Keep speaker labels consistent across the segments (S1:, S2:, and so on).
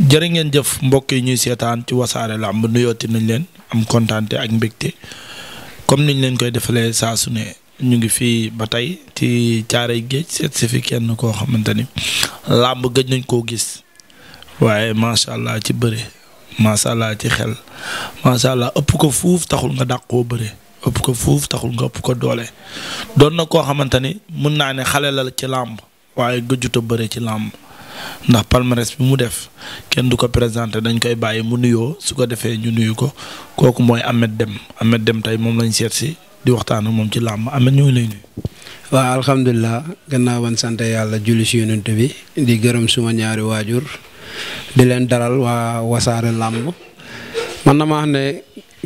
S1: jërë ngeen jëf mbokk yi ñuy seetaan ci wasaare làmb nuyooti nañ leen am kontaante ak mbégte comme niñ leen koy defalee saa su ne ñu ngi fii ba tey ci caaray géej seet si fi kenn koo xamante ni làmb gëj nañ koo gis waaye macha allah ci bëre macha allah ci xel macha allah ëpp ko fuuf taxul nga dàq koo bëre ëpp ko fuuf taxul nga ëpp ko doole doon na koo xamante ni mun naa ne xale la ci làmb waaye gëjuta bëre ci làmb ndax palmarès bi mu def kenn du ko présenté dañ koy bàyyi mu nuyoo su ko defee ñu nuyu ko kooku mooy
S2: Ahmed dem Ahmed dem tey moom lañ seet si di waxtaan moom ci làmb Ahmed ñu ngi lay nuyu. waaw alhamdulilah gannaaw ban sant yàlla julli si yonent bi di gërëm suma ñaari waajur di leen daral waa wasaare làmb man na ma wax ne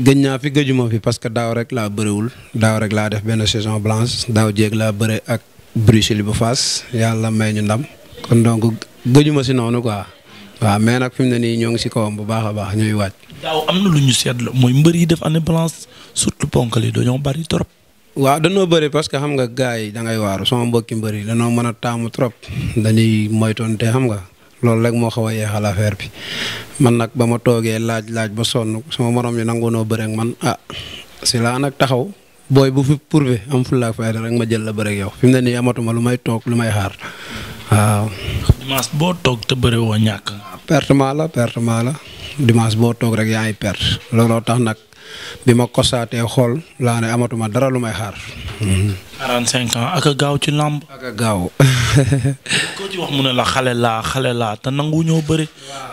S2: gëj naa fi gëjuma fi parce que daaw rek laa bëriwul daaw rek laa def benn saison blanche daaw jéeg laa bëre ak Bruxelles bu yàlla may ñu ndam. kon donc gëjuma si noonu quoi waaw mais nag fi mu ne nii ñoo ngi si kawam bu baax a baax ñuy waaj. daaw am na lu ñu seetlu mooy mbër yi def année blanche surtout ponkal yi dañoo bari trop. waaw danoo bëri parce que xam nga gars yi da ngay waaru soo mbokki mbëri yi dañoo mën a taamu trop dañuy moytoonte xam nga loolu rek moo xaw a yeexal affaire bi man nag ba ma toogee laaj laaj ba sonn sama morom yi nangu noo bëri man a ah, si laa nag taxaw. booy bu fi pourvu am fulla rek ma jël la bëri yow fi mu ne nii amatuma lu may toog lu may xaar waaw. dimanche boo toog te bëri woo ñàkk. pertement la pertement la dimanche boo toog rek yaa ngi perte looloo tax nag bi ma kosaatee xool laa ne amatuma dara lu may xaar.
S1: 45 mhm. ans
S2: ak gaaw ci làmb. ak gaaw. mu ne la xale laa xale laa te nangu ñoo bëri.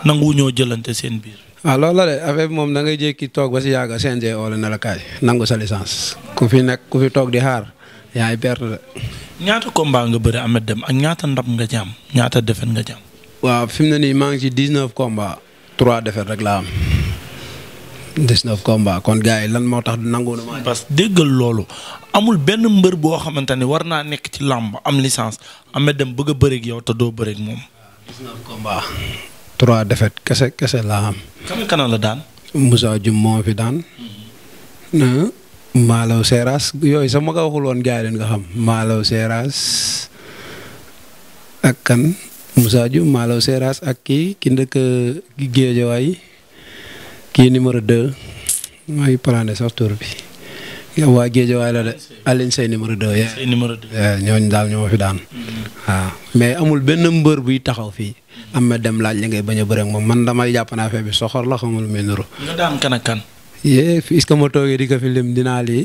S2: nangu ñoo jëlante seen biir. ah la de affaire bi moom da ngay jékki toog ba si yàgg CNG oo la ne la kaay nangu sa licence ku fi nekk ku fi toog di xaar yaa ngi perte de.
S1: ñaata combat nga bëri Ameth Deme ak ñaata ndam nga ci am ñaata defet nga ci am.
S2: waaw fi mu ne nii maa ngi ci dix neuf combats trois defet rek laa am dix neuf combats kon gars yi lan moo tax du nangu na ma. parce que déggal loolu amul benn mbër boo xamante ne war naa nekk
S1: ci làmb am licence Ameth Deme bëgg a yow te doo bëri ak moom.
S2: trois defet kese kese laa am. kan la daan. Moussa Dioum fi daan. Mhm. Malaw Seras yooyu sax ma ko waxul woon xam maalo Seras ak kan Moussa Diouf Malaw Seras ak kii ki ndëkk Géejawaay kii numéro de mooy plané sax tur bi waa Géejawaay la de Alioune Seye numéro de Seye numéro daal ñoo fi daan. Mm-hmm. waaw mais amul benn mbër buy taxaw fii. Mm-hmm. am na dem laaj li ngay bañ a bëre ak moom man damay jàpp naa bi soxor la xamul mel
S1: ni
S2: yee fii ma toogee di ko fi lim dinaa lii.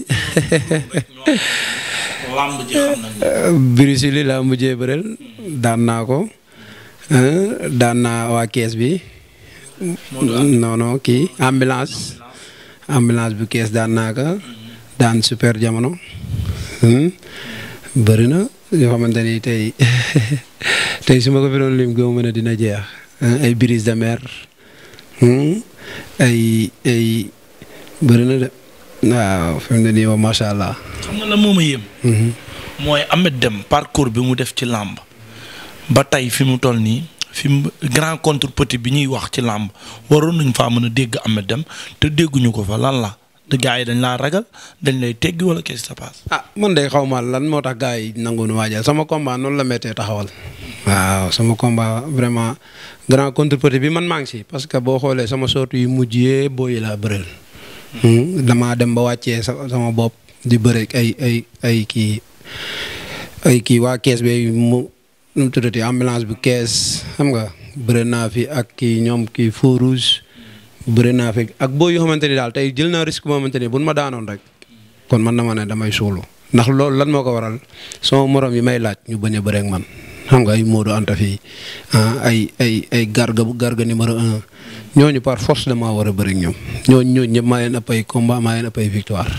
S2: lamb ji xam nañu. Bruce daan naa ko daan naa waa kees bi. non non kii ambulance. bu kees daan naa ko. daan super jamono. bëri na yoo xamante ni tey tey su fi doon lim gëmu mën a dina jeex ay brise de mer ay ay. bëri na de. waaw fi mu ne allah.
S1: xam la moom a yéem. Mhm. mooy Ameth Dème parcours bi mu def ci làmb ba tey fi mu toll nii fi mu grand contre petit bi ñuy wax ci làmb waroon nañ faa mën a dégg Ameth dem te dégguñu ko fa lan la
S2: te yi dañ laa ragal dañ lay teggi wala qu'est-ce passe. ah man de xaw ma lan moo tax gars yi nanguwul waajal sama combat noonu la méttee taxawal. waaw sama combat vraiment grand contre bi man maa ngi si parce que boo xoolee sama sortie yu mujj yee booy laa bëreel. damaa dem ba wàccee sama bopp di bëre ay ay ay kii ay kii waa kees bi mu nu mu tuddati ambulance bu kees xam nga bëre naa fi ak kii ñoom kii feu rouge bëre naa fi ak boo yoo xamante ni daal tey jël naa risque boo xamante ni bun ma daanoon rek kon man dama ne damay suulu ndax loolu lan moo ko waral soo morom yi may laaj ñu bañ a man. xam nga ay Modou Anta fii ah, ay ay bu garga garga ma un ñooñu par force damaa war a bëri ñoom ñooñu ñooñu ñëpp maa leen ëpp ay combat maa leen ëpp ay victoire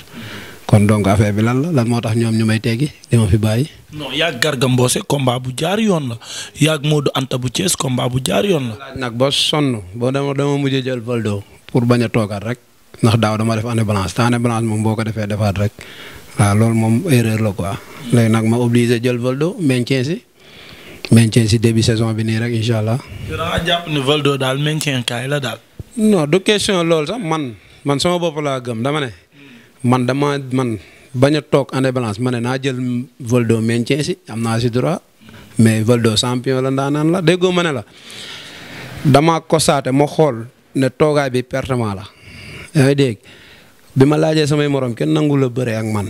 S2: kon donc affaire bi lan la lan moo tax ñoom ñu may teggi di ma fi bàyyi. non
S1: yaag garga mboose combat bu jaar yoon la yaag Modou Anta bu Thiès combat bu jaar yoon
S2: la. nag ba sonn boo dama dama mujj jël Valdo pour bañ a toogaat rek ndax daaw dama def année blanche te année blanche moom boo ko defee defaat rek waaw loolu moom erreur la quoi mm. léegi nag ma maintien si début saison bi nii rek incha allah. Valdo daal maintien la daal. du question loolu sax man man sama bopp laa gëm dama ne. man dama man bañ a toog année balance ma ne naa jël Valdo maintien si am naa si droit mais Valdo champion la ndaanaan la déggoo ma ne la damaa constaté ma xool ne toogaay bi pertement la. yaa ngi bi ma laajee sama samay morom kenn nangu la bëre ak man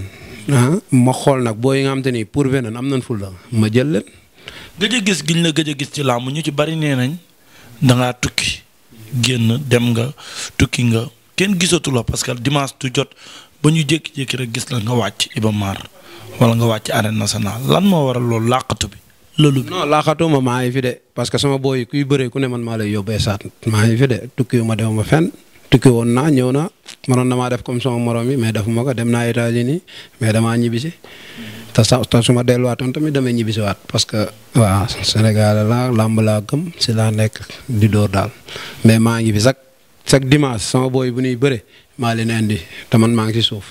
S2: ah ma xool nag boo yi nga xam ni pour veneen am nañ ful la ma jël leen gëj gis giñ la gëj a gis ci làmb ñu ci bari nee nañ da
S1: ngaa tukki génn dem nga tukki nga kenn gisatu la parce que dimanche jot ba ñu jékki-jékki rek gis la nga wàcc Iba Mar wala nga wàcc arène nationale lan
S2: moo waral loolu làqatu bi. loolu bi non laaxatuma maa ngi fi de parce que sama booy kuy bëree ku ne man maa lay yóbbee saat maa ngi fi de tukki wu ma dew ma fenn tukki woon naa ñëw na mënoon na maa def comme sama morom yi mais defuma ko dem naa États-Unis mais damaa ñibbisi. te sa te su ma delluwaatoon tamit damay ñibbisiwaat parce que waaw Sénégal la làmb laa gëm si laa nekk di dóor daal mais maa ngi fi sax chaque dimanche sama booy bu ñuy bëre maa leen indi te man maa ngi si suuf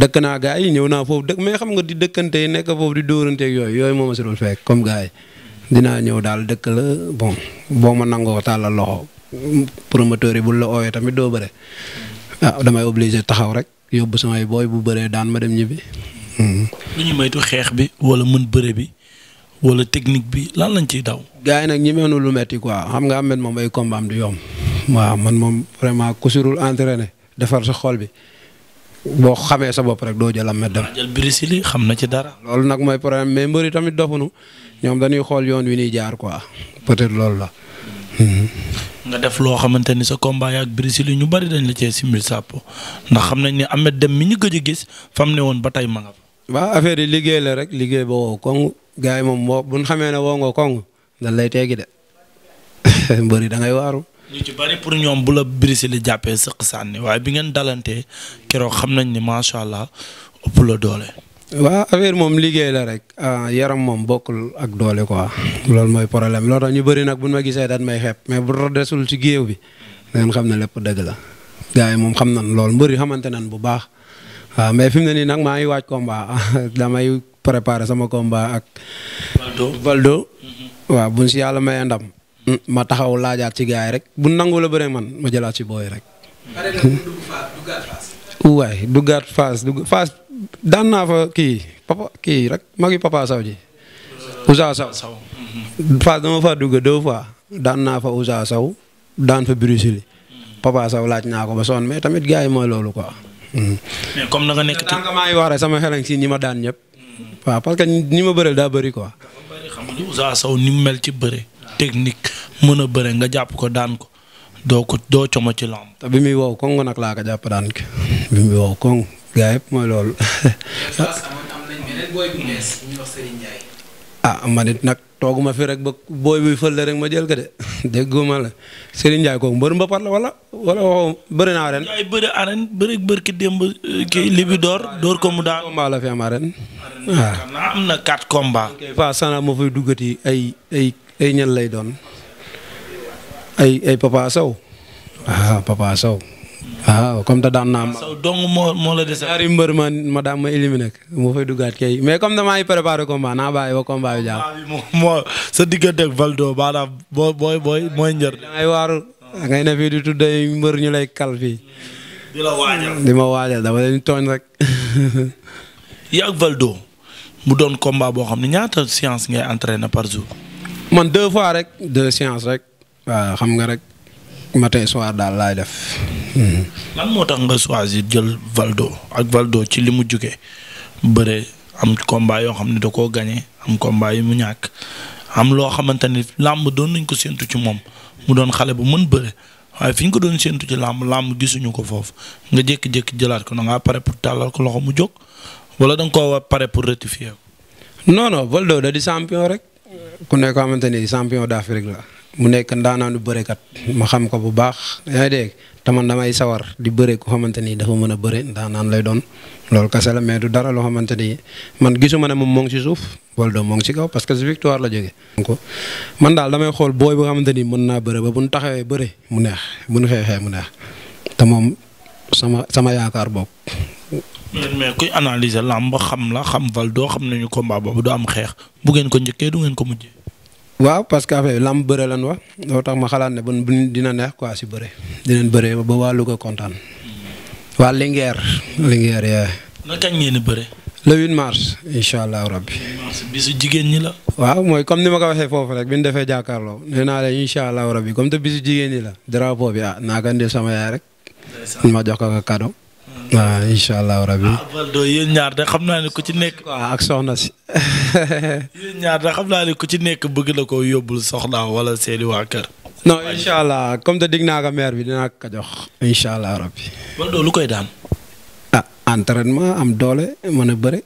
S2: dëkk naa gars yi ñëw naa foofu dëkk mais xam nga di dëkkante yi nekk foofu di dóoranteeg yooyu yooyu moo ma si doon fekk comme gars yi dinaa ñëw daal dëkk la bon boo ma nangoo tàllal loxo promoteur yi bu la ooyee tamit doo bëre ah damay obligé taxaw rek yóbbu samay booy bu bëre daan lu ñu moytu xeex bi wala mën bëre bi wala technique bi lan lañ ciy daw. gars yi nag ñi meenu lu metti quoi xam nga Ameth moom mooy combat am du yomb. waaw man moom vraiment ku surul entraîné defar sa xool bi boo xamee sa bopp rek doo jël Ameth dara. xam na ci dara. loolu nag mooy problème mais mbëri tamit dofunu ñoom dañuy xool yoon wi nuy jaar quoi peut-être loolu la. Mhm.
S1: nga def loo xamante ni sa combat yaak Brésil yi ñu bari dañ la cee simil sàpp ndax xam nañ ni
S2: Ameth dem mi ñu gëj a gis fam ne ba tey ma waaw affaire yi liggéey la rek liggéey ba woo koŋŋ gars yi moom boo bu xamee ne woo nga koŋŋ dañ lay teggi de mbëri da ngay waaru.
S1: ñu ci bari pour ñoom bu la Brise li jàppee sëq sànni waaye bi ngeen dalantee keroog xam nañ ni macha allah ëpp doole.
S2: waaw affaire moom liggéey la rek ah, yaram moom bokkul ak doole quoi loolu mooy problème lool tax ñu bëri nag bu ñu ma gisee dañ may xeeb mais bu desul ci géew bi ngeen xam na lépp dëgg la gars yi moom xam nañ loolu mbëri xamante nañ waaw mais fi mu ne nii nag maa ngi waaj combat damay préparer sama combat ak. Valdo Valdo. Mhm. waaw si yàlla mayee ndam. Mhm. ma taxaw laajaat ci gars yi rek bu nangu la bëre man ma jëlaat ci booy rek. waay duggaat Fass dugg Fass naa fa kii papa rek magi papa ji. Ousa Saw Saw. Mhm. Fass dama fa dugg deux fois daan naa fa Ousa Saw daan fa Bruxelles. papa saw laaj naa ko ba sonn mais tamit gars mooy loolu quoi. mais comme na nga nekk ci maa sama xel si ñi ma daan ñëpp. waaw parce que ñi ma bëreel daa bëri ko xam ni mu mel ci bëre. technique mën a bëre nga jàpp ko daan ko doo ko doo como ci lamb. te bi muy wow koŋŋ nag laa ko jàpp daan ko bi muy wow koŋŋ gaa yëpp mooy loolu. ah man it nag tooguma fi rek ba booy buy fële rek ma jël ko de dégguma la Serigne Ndiaye kooku mbër mbapat la wala wala waxoo bëri naa ren. ay bëri arène bëri bër ki démb euh, kii li door door ko mu la fi am arène. waaw ah. am na quatre combat. pas sana moo fay duggati ay ay ñan lay doon ay ay Papa Sow. waaw ah, waaw comme te daan naa ma. saw moo la dese. ñaari mbër ma ma daan duggaat kay mais comme damaa yi préparé combat naa bàyyi ba combat bi jàpp. moo sa diggante ak Valdo maanaam boo mooy njër. da ngay waaru da ngay ne fii di tudd ay ñu lay kal fii. di la waajal di ma waajal dama leen tooñ rek. yaa Valdo mu doon combat boo xam ne ñaata séance ngay na par jour. man deux fois rek deux séances rek. waaw xam nga rek matin soir daal laay def.
S1: lan moo tax nga choisir jël Valdo ak Valdo ci li mu jóge bëre am combat yoo xam ne da ko gañe am combat yi mu ñàkk am loo xamante ni làmb doon nañ ko séntu ci moom mu doon xale bu mën bëre waaye fi ñu ko doon séntu ci làmb làmb gisuñu ko foofu nga jékki-jékki jëlaat ko da ngaa
S2: pare pour tàllal ko loxo mu jóg wala danga nga koo pare pour rectifier ko. non non Valdo da di champion rek. ku nekk xamante ni champion d'Afrique la. mu nekk ndaanaanu bërekat. ma xam ko bu baax yaa ngi te man damay sawar di bëre ku xamante ni dafa mën a bëre ndaanaan lay doon loolu kese la du dara loo xamante ni man gisuma ne moom moo ngi si suuf Boldo moo ngi si kaw parce que si victoire la jógee. man daal damay xool booy boo xamante ni mën naa bëre ba bu ñu taxawee bëre mu neex bu ñu xeexee mu neex te moom sama sama yaakaar book
S1: mais kuy analyser làmb xam la xam doo xam nañu combat boobu du am xeex bu ngeen ko njëkkee du ngeen ko mujjee.
S2: waaw parce que lam lamb bëre lan wax tax ma xalaat ne bu dina neex quoi si bëre dinañ bëre ba waa Louga kontaan. waa Linguère Linguère yaa. na kañ ngeen di bëre. le 8 mars incha allah rabbi. bisu jigéen ñi la. waaw mooy comme ni ma ko waxee foofu rek bi ñu defee jàkkaarloo nee naa leen incha allah rabbi comme te bisu jigéen ñi la drapeau bi ah naa ko indil sama yaay rek. ma jox ko cadeau. waaw incha allahu rabi. ah ñaar de xam naa ne ku ci nekk. waaw ak soxna si.
S1: yéen ñaar de xam naa ne ku ci nekk bëgg la ko yóbbul soxna wala seeni waa kër. non incha allah
S2: comme te naa ko maire bi dinaa ko jox. incha allah rabi. Valdo lu koy daan. ah entraînement am doole mën a bëre.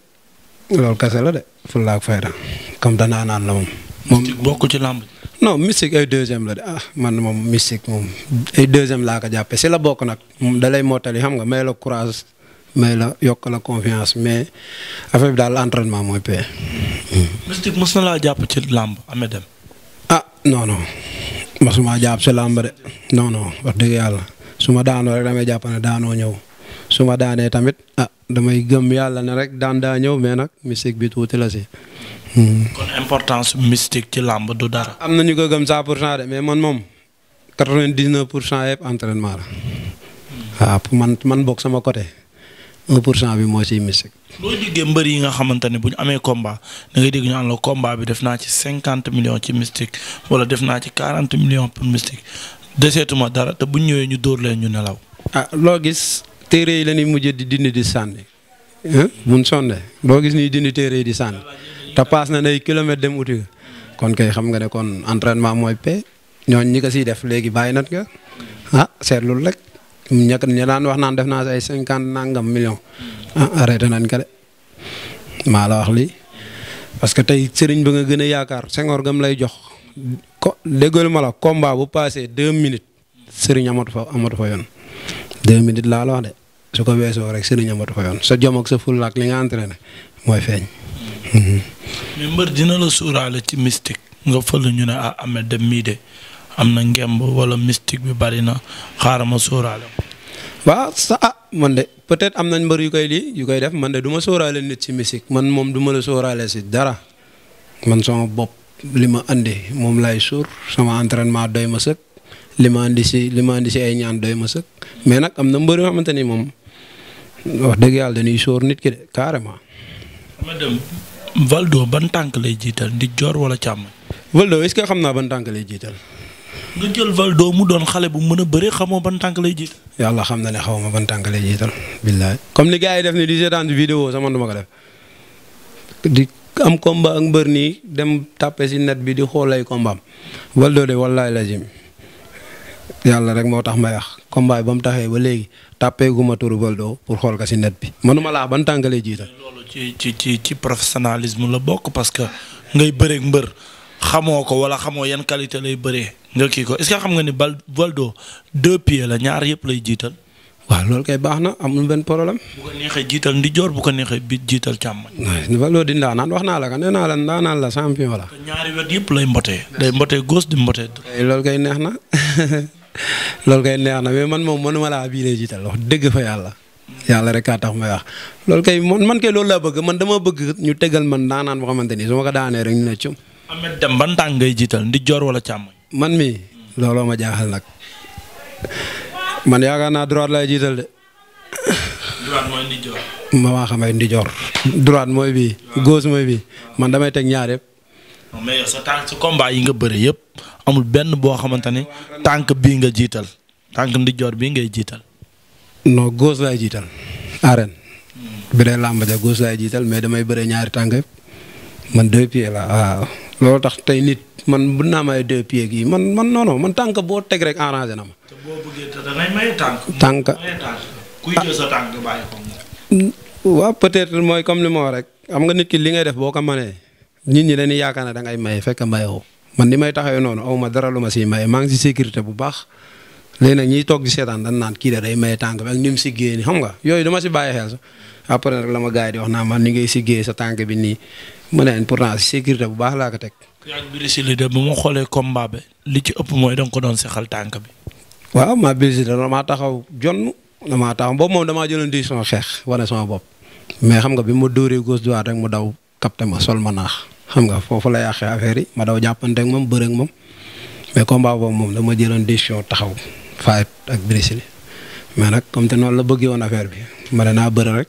S2: loolu la de. fulla ak fayda comme danaa naan la moom. ci làmb. non mystique ay deuxième la de ah man moom mystique moom ay deuxième laa ko jàppee si la bokk nag moom dalay mottali xam nga may la courage may la yokk la confiance mais affaire bi daal entraînement mooy paie. Mm. mystique mos na laa jàpp ci làmb amee dem. ah non non si làmb de non non wax dëgg yàlla suma daanoo rek damay jàpp ne daanoo ñëw su ma daanee tamit ah damay gëm yàlla ne rek daan daa ñëw mais nag mystique bi tuuti la si. kon importance mystique ci làmb du dara. am na ñu ko gëm 100 pour cent de mais man moom 99 pour cent yëpp entraînement la. waaw man man bokk sama côté 1 pour cent bi moo si mystique. loo déggee mbër yi nga xamante ne bu ñu amee combat na ngay dégg ñu am la
S1: combat bi def naa ci cinquante millions ci mystique wala def naa ci 40 million pour mystique
S2: deseetuma dara te bu ñu ñëwee ñu dóor leen ñu nelaw. ah loo gis téere yi la ñuy mujjee di dindi di sànni. bu ñu sonnee loo gis ñuy dindi di sànni. te paas na nay kilomètre dem uti kon kay xam nga ne kon entraînement mooy paie ñooñ ñi ko siy def léegi bàyyi nat ka ah seetlul rek ña ña daan wax naan def naa si ay cinquante nangam million a ah, arrêté nan ka de maa la wax li parce que tey sëriñ ba nga gën a yaakaar Senghor gam lay jox ko déggal ma la combat bu passé deux minutes sëriñ amatu fa amatu fa yoon deux minutes laa la wax de su ko weesoo rek sëriñ amatu fa yoon sa jom ak sa fulla ak li nga entraîné mooy feeñ. mais
S1: mbër dina la suuraale ci mystique nga fël ñu ne ah Ameth Deme mii de am na ngemb wala mystique bi bari na xaaral ma suuraale
S2: waaw sa ah man de peut-être am nañ mbër yu koy lii yu koy def man de duma soorale nit ci mystique man moom du ma la sóoraale si dara man sama bopp li ma andi moom lay suur sama entraînement doy ma sëkk li ma andi si li ma andi ay ñaan doy ma sëkk mais nag am na mbër yoo xamante ni moom wax dëgg yàlla dañuy sóor nit ki de carrément.
S1: Valdo ban tànk lay
S2: jiital ndi joor wala càmmoñ. Valdo est-ce que xam naa ban tànk lay jiital. nga jël Valdo mu doon xale bu mën a bëre xamoo ban tànk lay jiital. yàlla xam na ne xaw ma ban tànk lay jiital. billaay comme li gars yi def ni di seetaan vidéo sama du ma ko def di am combat ak mbër nii dem tàppe si net bi di xoolay ay combat am Valdo de wallaay lazim yàlla rek moo tax may wax combat ba mu taxee ba léegi tàppeegu ma turu Valdo pour xool ko si net bi mënuma laa ban tàngalee jiital. loolu ci ci ci ci professionnalisme la bokk parce que
S1: ngay bëreeg mbër xamoo ko wala xamoo yan qualité lay bëree nga kii ko est-ce que xam nga ni bal
S2: Valdo deux pieds la ñaar yëpp lay jiital. waaw loolu kay baax na amul benn problème. bu ko neexee jiital ndi joor bu ko neexee bi jiital càmmoñ. Valdo di ndaanaan wax naa la ka nee naa la ndaanaan la la. yëpp lay mbotee. day mbotee gauche di loolu kay neex na. loolu kay neex na mais man moom manuma laa bii lay jiital wax dëgg fa yàlla yàlla rek kaa tax may wax loolu kay man kay loolu la bëgg man dama bëgg ñu tegal man daanaan boo xamante ni su ma ko daanee rek ñu ne cum. ban tànk jiital ndi joor wala càmm. man mi looloo ma jaaxal nag man yaakaar naa droite lay jiital de.
S1: droite mooy joor.
S2: ma waa xam ay ndi joor. droite mooy bii gauche mooy bii man damay teg ñaar mais yow sa yi nga bëre yépp amul benn boo xamante ni tànk bii nga jiital tànk ndijoor bii ngay jiital. noo goos laay jiital. arène. bi dee làmb ja góos laay jiital mais damay bëre ñaari tànk yëpp man deux pieds la waaw. loolu tax tey nit man bu naa may deux pieds gi man man non man tànk boo teg rek arrangé na ma. te boo bëggee te dangay may mooy comme ni ma rek am nga nit ki li ngay def boo ko mënee. nit ñi dañuy yaakaar ne da ngay maye fekk mayoo man ni may taxawee noonu aw ma dara ma siy maye maa ngi si sécurité bu baax léegi nag ñiy toog di seetaan dañ naan kii da day maye tànk bi ak ni mu siggee xam nga yooyu dama si bàyyi xel sax après ma gars yi di wax naa man ni ngay siggee sa tànk bi nii mu ne pourtant si bu baax laa ko teg.
S1: yaa ngi brisé ma xoolee
S2: combat bi li ci ëpp mooy da nga ko doon sexal tànk bi. waaw maa brisé damaa taxaw jonn damaa taxaw moom damaa jëloon di sama xeex wane sama bopp mais xam nga bi ma dóoree gauche droite rek mu daw capté ma sol ma naax. xam nga foofu la yàqee affaire yi ma daw jàppante ak moom bëre ak moom mais combat boobu moom dama jëloon décision taxaw faayet ak Brésil mais nag comme te noonu la bëggee woon affaire bi ma ne naa bëre rek.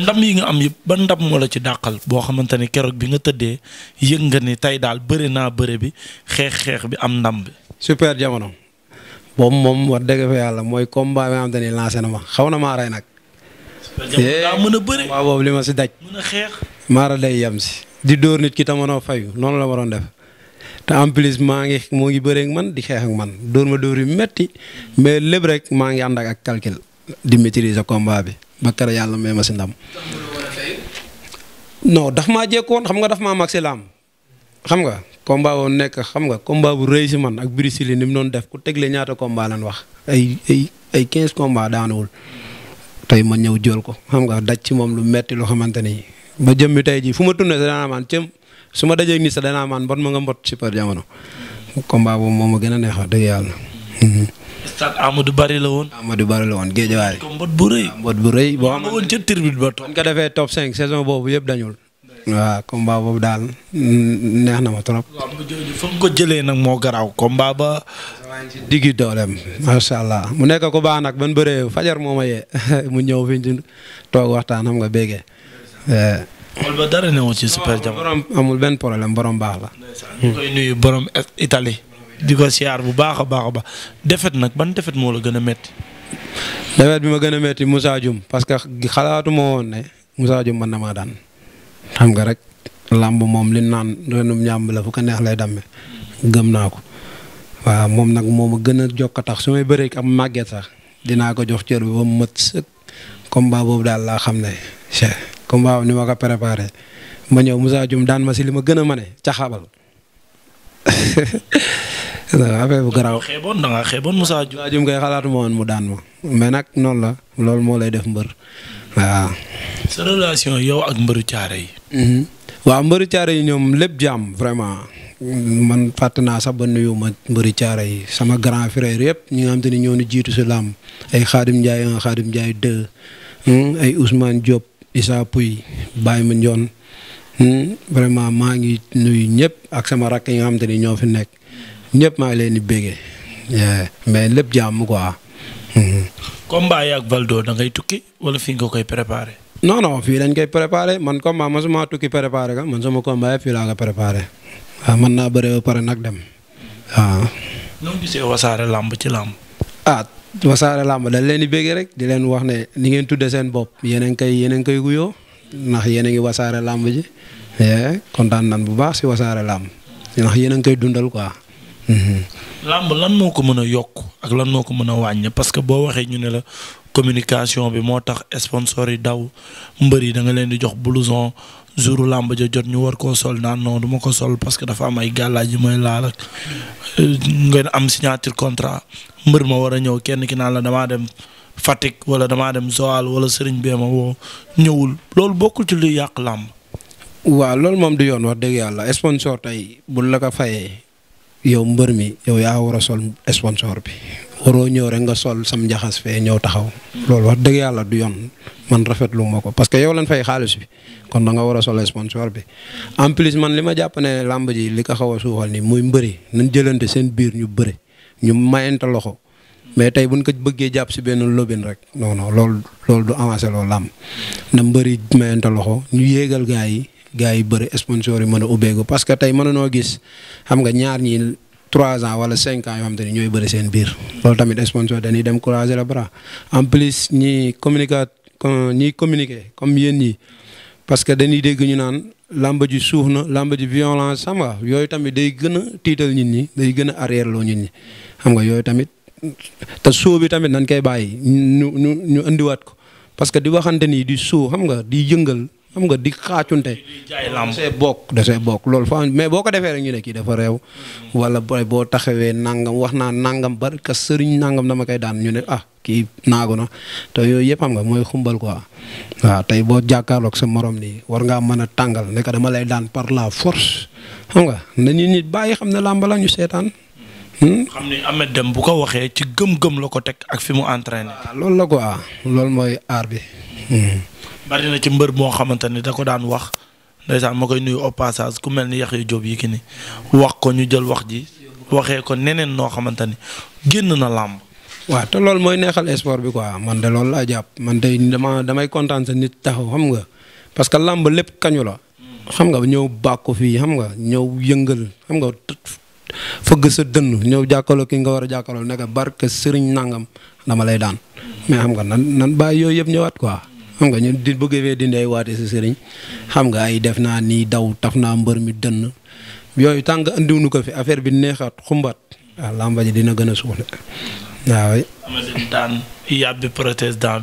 S2: ndam yi nga am yëpp ba ndam moo la ci dàqal boo xamante ne keroog bi nga tëddee
S1: yëg nga ni tey daal bëri naa bëre bi xeex xeex bi am ndam bi. super jamono
S2: boobu moom wax dëgg fa yàlla mooy combat bi nga xam te ne na ma xaw na maa rey nag. super jamono eh, ma si daj. mën di dóor nit ki te mënoo fayu noonu la waroon def te en plus maa ngi moo ngi bëreek man di xeex ak man dóor ma dóor yu metti mais lépp rek maa ngi ànd ak ak calcul di maîtriser combat bi ba kër yàlla may ma si ndam. non daf maa jekkoon xam nga daf ma mag si laam xam nga combat woon nekk xam nga combat bu rëy si man ak Bruce Lee ni mu doon def ku tegle ñaata combat lan wax ay ay ay quinze combat daanuwul tey ma ñëw jool ko xam nga daj moom lu metti loo xamante ni ba jëm bi tey jii fu ma tourné sa danaa maan cëm su ma dajee nit sa danaa maan mbot ma mbot super jamono combat boobu moom ma gën a neex wax dëgg yàlla. stade Amadou Barry la woon. Amadou Barry la woon Guédiawaye. mbot bu rëy mbot bu rëy. boo xam ne woon ca tribune ba toog. ko defee saison boobu yëpp dañul. waaw combat boobu daal na ma trop. ko jëlee nag moo garaaw combat ba. diggi dooleem macha allah mu nekk ko baa nag ban bëree fajar moo ma mu ñëw fi ñu toog waxtaan xam nga béggee. xool eh. ba dara newoon ci amul benn problème borom baax la. ñu borom Italie. di ko siyaar bu baax a baax a baax defet nag ban defet moo la gën a metti defet bi ma gën a métti Moussa Dioum parce que xalaatu woon ne Moussa Dioum mën na maa daan xam nga rek làmb moom li naan renum ñàmb la fu ko neex lay damme gëm naa ko waaw moom nag moo ma gën a jokk tax su may bëree am màgget sax dinaa ko jox cër bi ba mu mët sëkk combat boobu daal laa xam ne. combat ni ma ko préparé ma ñëw Moussa Dioum daan ma si li ma gën a mane ca xabal bu garaaw. xeeboon da ngaa xeeboon Moussa Dioum. Moussa Dioum xalaatu ma mu daan ma mais nag noonu la loolu moo lay def mbër waaw. sa relation yow ak mbëru caare yi. Mhm. waaw mbëru caare yi ñoom lépp jàmm vraiment man fàtte naa sax ba nuyu ma mbëru yi sama grand frère yëpp ñi nga xam te jiitu si làmb ay Xaadim Ndiaye 1 Xaadim Ndiaye 2 hmm, ay Ousmane Diop. Issa Pouy Baye Mandione hmm, vraiment maa ngi nuyu ñëpp ak sama rakk yi nga xamante ni ñoo fi nekk ñëpp maa ngi leen di bége mais lépp jàmm quoi.
S1: Hmm. combat yi ak Valdo da tukki wala fii nga koy
S2: préparé. non non fii lañ koy préparé man combat ma suma tukki préparé ka man sama combat yëpp fii laa ko préparé waaw ah, naa bëre ba pare nag dem waaw. Ah.
S1: ñoo gisee wasaare làmb
S2: ci làmb. Ah, Wassare Lamb dañ leen di béggee rek di leen wax ne ni ngeen seen bopp yéen a ngi koy yéen a ngi koy guyoo ndax yéen a ngi Wassare Lamb ji eh, kontaan nan bu baax si Wassare Lamb ndax yéen a koy dundal quoi.
S1: Mhm. Lamb lan moo ko mën a yokk ak lan moo ko mën a wàññi parce que boo waxee ñu ne la communication bi moo tax sponsor yi daw mbër yi da nga leen di jox blouson jour làmb ja jot ñu war koo sol naan non du ko sol parce que dafa am ay gàllaaj yu may laal ak euh, ngeen am signature contrat mbër ma war a ñëw kenn ki naan la damaa dem Fatick wala damaa dem Joal wala sëriñ Bema
S2: woo ñëwul loolu bokkul ci luy yàq làmb. waaw loolu moom du yoon wax dëgg yàlla sponsor tey bu la ko fayee yow mbër mi yow yaa war a sol sponsor bi. waroo ñëw rek nga sol sam njaxas fee ñëw taxaw loolu wax dëgg yàlla du yoon man rafetlu ma ko parce que yow lañ fay xaalis bi kon da nga sol sponsor bi en plus man li ma jàpp ne làmb ji li ko xaw a suuxal ni muy mbëri nañ jëlante seen biir ñu bëri ñu mayante loxo mais tey buñ ko bëggee jàpp si benn lobin rek non non loolu loolu du avancé loolu làmb na mbëri mayante loxo ñu yéegal gaa yi gaa yi bëri sponsor yi mën a ubbeeku parce que tey mënunoo gis xam nga trois ans wala cinq ans yoo xam te ñooy bëri seen biir loolu tamit sponsor dañuy dem courage le bras en plus ñi communica ñi communiquer comme yéen ñi parce que dañuy dégg ñu naan làmb ji suuf na làmb ji violence xam nga yooyu tamit day gën a tiital nit ñi day gën a arrière loo nit ñi xam nga yooyu tamit te suuf bi tamit nañ koy bàyyi ñu ñu ñu indiwaat ko parce que di waxante nii di suuf xam nga di yëngal. xam nga di xaacunte dasee bokk dasee bokk loolu fa mais boo ko defee rek ñu ne kii dafa réew wala boo taxawee nangam wax naa nangam bari ka sëriñ nangam ma koy daan ñu ne ah kii naagu na te yooyu yëpp xam nga mooy xumbal quoi waaw tey boo jàkkaarloog sa moroom nii war ngaa mën a tàngal ne ko dama lay daan par la force xam nga na nañu nit bàyyi xam ne làmb la ñu seetaan hmm? xam ni
S1: Ameth bu ko waxee ci gëm-gëm
S2: la ko teg ak fi mu la quoi loolu mooy aar bi. Hmm.
S1: bari na ci mbër moo xamante ni da ko daan wax ndeysaan ma koy nuyu au passage ku mel ni Yaxya
S2: Jóob yi ki ni wax ko ñu jël wax ji waxee ko neneen noo xamante ni génn na làmb waa te loolu mooy neexal sport bi quoi man de lool laa jàpp man de damay kontaan sa nit taxaw xam nga parce que làmb lépp kañu la xam nga ñëw bàkku fii xam nga ñëw yëngal xam nga fëgg sa dënn ñëw jàkkaloo ki nga war a jàkkalool nekk barke sëriñ nangam dama lay daan mais xam nga nan nan bàyyi yooyu yëpp ñëwaat quoi xam nga ñun di bëgg fee dindi ay waate si sëriñ xam nga ay def naa nii daw taf naa mbër mi dënn yooyu tàng andiwuñu ko fi affaire bi neexaat xumbat waaw ah, làmba dina gën a suuxle waaw. Amadou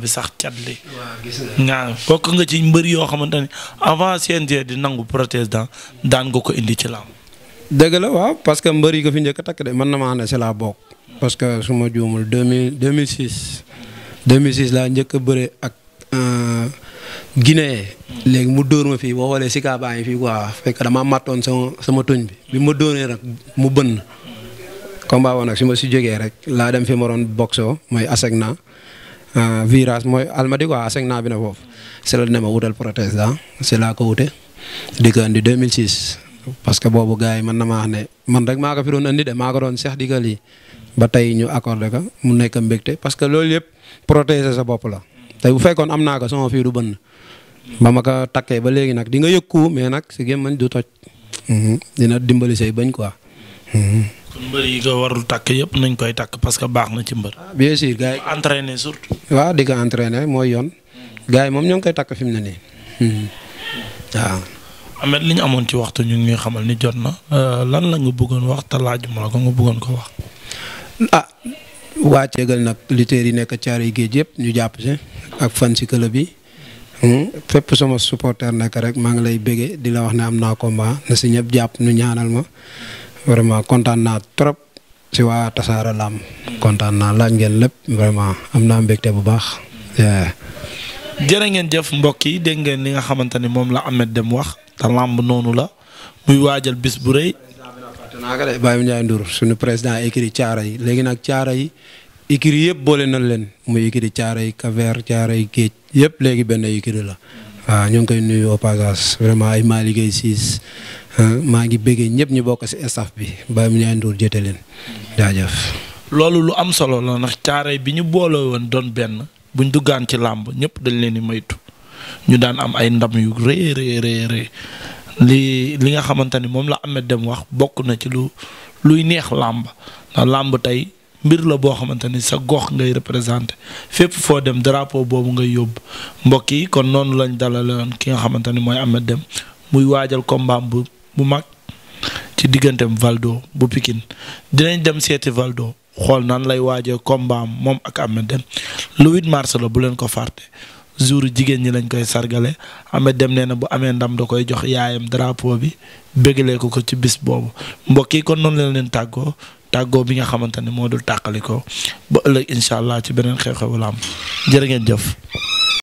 S1: bi sax cat li. waaw nga bokk nga ci mbër yoo xamante ne avant CNG di nangu président daan nga ko indi
S2: ci làmb. dëgg la waaw parce que mbër yi ko fi njëkk takk de mën na maa ne si laa bokk. parce que su ma juumul deux mille deux mille six deux laa njëkk a bëre ak. Euh, Guinée. léegi mu dóor ma fii boo xoolee si kaa baa ngi fii quoi fekk damaa mattoon sama sama tuñ bi bi ma dóoree nag mu bënn. combat boobu nag su ma si jógee rek laa dem fi ma doon boxoo mooy ASECNA euh, virage mooy almadi quoi ASECNA bi na foofu si la ne ma wutal prothèse ah si laa ko wute di ko indi parce que boobu gars yi man na maa wax ne man rek maa ko fi doon andi de maa ko doon seex digal yi ba tey ñu accordé ko mu nekk mbégte parce que loolu yëpp protéger sa bopp la. tey bu fekkoon am naa ko sama fii du bënn ba ma ko takkee ba léegi nag di nga yëkku mais nag si gémmañ du toj. Mhm. dina dimbali say bañ quoi.
S1: Mhm. kon ko warul takk yëpp nañ koy takk parce que baax na ci mbër. Ah,
S2: bien sûr gars yi
S1: entraîner surtout.
S2: waaw di ko entraîner mooy yoon. gars yi moom ñoo ngi koy takk fi mu ne nii. Mhm. waaw.
S1: Ameth li amoon ci waxtu ñu ngi ñuy xamal ni jot na euh, lan la nga buggoon wax te laajuma la ko nga bëggoon ko wax.
S2: Ah, waa Cegal nag lutteurs yi nekk Thiaroye Géej yëpp ñu jàpp si ak fan si club bi hmm? fépp sama supporter nekk rek maa ngi lay béggee di la wax ne am naa combat na si ñëpp jàpp nu ñaanal ma vraiment kontaan naa trop si waa Tasaare Lamb kontaan naa laaj ngeen lépp vraiment am naa mbégte bu baax.
S1: jërë ngeen jëf mbokk yi dégg ngeen li nga xamante ni moom la Ameth Deme wax te làmb noonu la muy waajal
S2: bis bu rëy naa ko de Baye Ndiaye Ndour suñu président écurie caara yi léegi nag caara yi écurie yëpp boole na leen muy écurie caara yi Kaver caara yi géej yëpp léegi benn écurie la. waaw ñoo ngi koy nuyu au passage vraiment ay maa liggéey siis euh, maa ngi béggee ñëpp ñu bokk si staff bi Baye Ndiaye Ndour jëte leen jaajëf. loolu lu am
S1: solo la ndax caara bi ñu boole woon doon benn buñ duggaan ci làmb ñëpp dañ leen di maytu ñu daan am ay ndam yu rëy rëy lii li nga xamante ni moom la Ahmed dem wax bokk na ci lu luy neex làmb làmb tey mbir la boo xamante ni sa gox ngay représenté fépp foo dem drapeau boobu ngay yóbbu mbokk yi kon noonu lañ dalaloon ki nga xamante ni mooy Ahmed dem muy waajal combat bu bu mag ci digganteem Valdo bu pikin dinañ dem seeti Valdo xool nan lay waajee combat moom ak Ahmed dem lu 8 mars la bu leen ko fàtte. jour jigéen ñi lañ koy sargale Ameth dem nee na bu amee ndam da koy jox yaayam drapeau bi bégalee ko ko ci bis boobu mbokk yi kon noonu la leen tàggoo tàggoo bi nga xamante ne moo dul tàqali ko ba ëllëg incha allah ci beneen xew-xewu làmb jërë ngeen jëf.